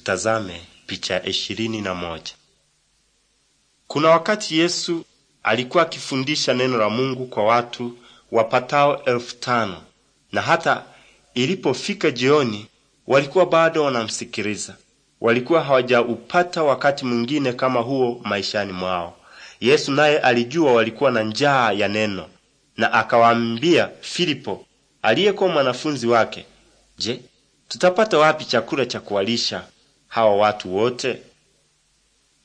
Tutazame picha ishirini na moja. Kuna wakati Yesu alikuwa akifundisha neno la Mungu kwa watu wapatao elfu tano na hata ilipofika jioni walikuwa bado wanamsikiliza. Walikuwa hawajaupata wakati mwingine kama huo maishani mwao. Yesu naye alijua walikuwa na njaa ya neno, na akawaambia Filipo aliyekuwa mwanafunzi wake, Je, tutapata wapi chakula cha kuwalisha hawa watu wote?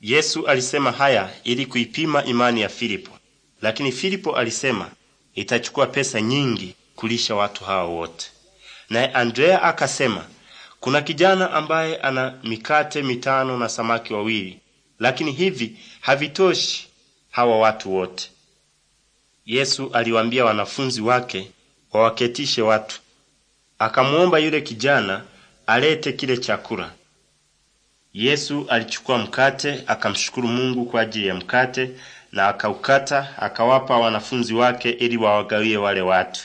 Yesu alisema haya ili kuipima imani ya Filipo, lakini Filipo alisema itachukua pesa nyingi kulisha watu hawa wote. Naye Andrea akasema kuna kijana ambaye ana mikate mitano na samaki wawili, lakini hivi havitoshi hawa watu wote. Yesu aliwaambia wanafunzi wake wawaketishe watu, akamwomba yule kijana alete kile chakula. Yesu alichukua mkate, akamshukuru Mungu kwa ajili ya mkate na akaukata, akawapa wanafunzi wake ili wawagawie wale watu.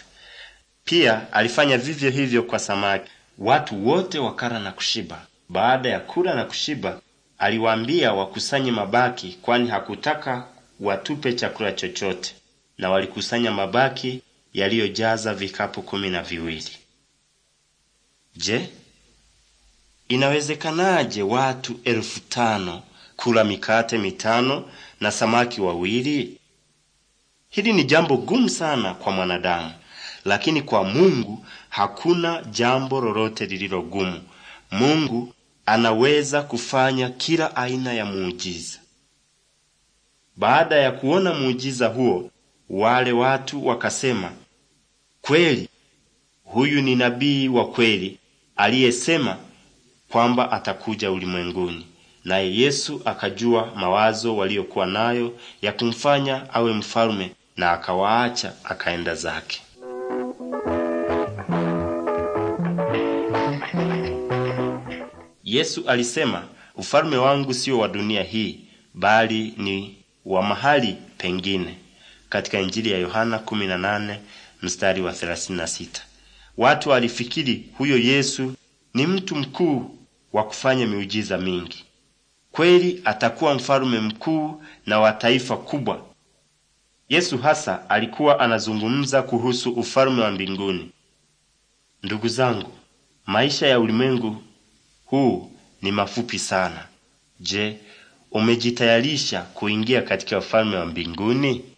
Pia alifanya vivyo hivyo kwa samaki. Watu wote wakala na kushiba. Baada ya kula na kushiba, aliwaambia wakusanye mabaki, kwani hakutaka watupe chakula chochote, na walikusanya mabaki yaliyojaza vikapu kumi na viwili. Je, Inawezekanaje watu elfu tano kula mikate mitano na samaki wawili? Hili ni jambo gumu sana kwa mwanadamu, lakini kwa Mungu hakuna jambo lolote lililo gumu. Mungu anaweza kufanya kila aina ya muujiza. Baada ya kuona muujiza huo, wale watu wakasema, kweli huyu ni nabii wa kweli aliyesema kwamba atakuja ulimwenguni, naye Yesu akajua mawazo waliokuwa nayo ya kumfanya awe mfalme, na akawaacha akaenda zake. Yesu alisema, ufalme wangu sio wa dunia hii, bali ni wa mahali pengine, katika Injili ya Yohana 18 mstari wa 36. Watu walifikiri huyo Yesu ni mtu mkuu wa kufanya miujiza mingi. Kweli atakuwa mfalme mkuu na wa taifa kubwa. Yesu hasa alikuwa anazungumza kuhusu ufalme wa mbinguni. Ndugu zangu, maisha ya ulimwengu huu ni mafupi sana. Je, umejitayarisha kuingia katika ufalme wa mbinguni?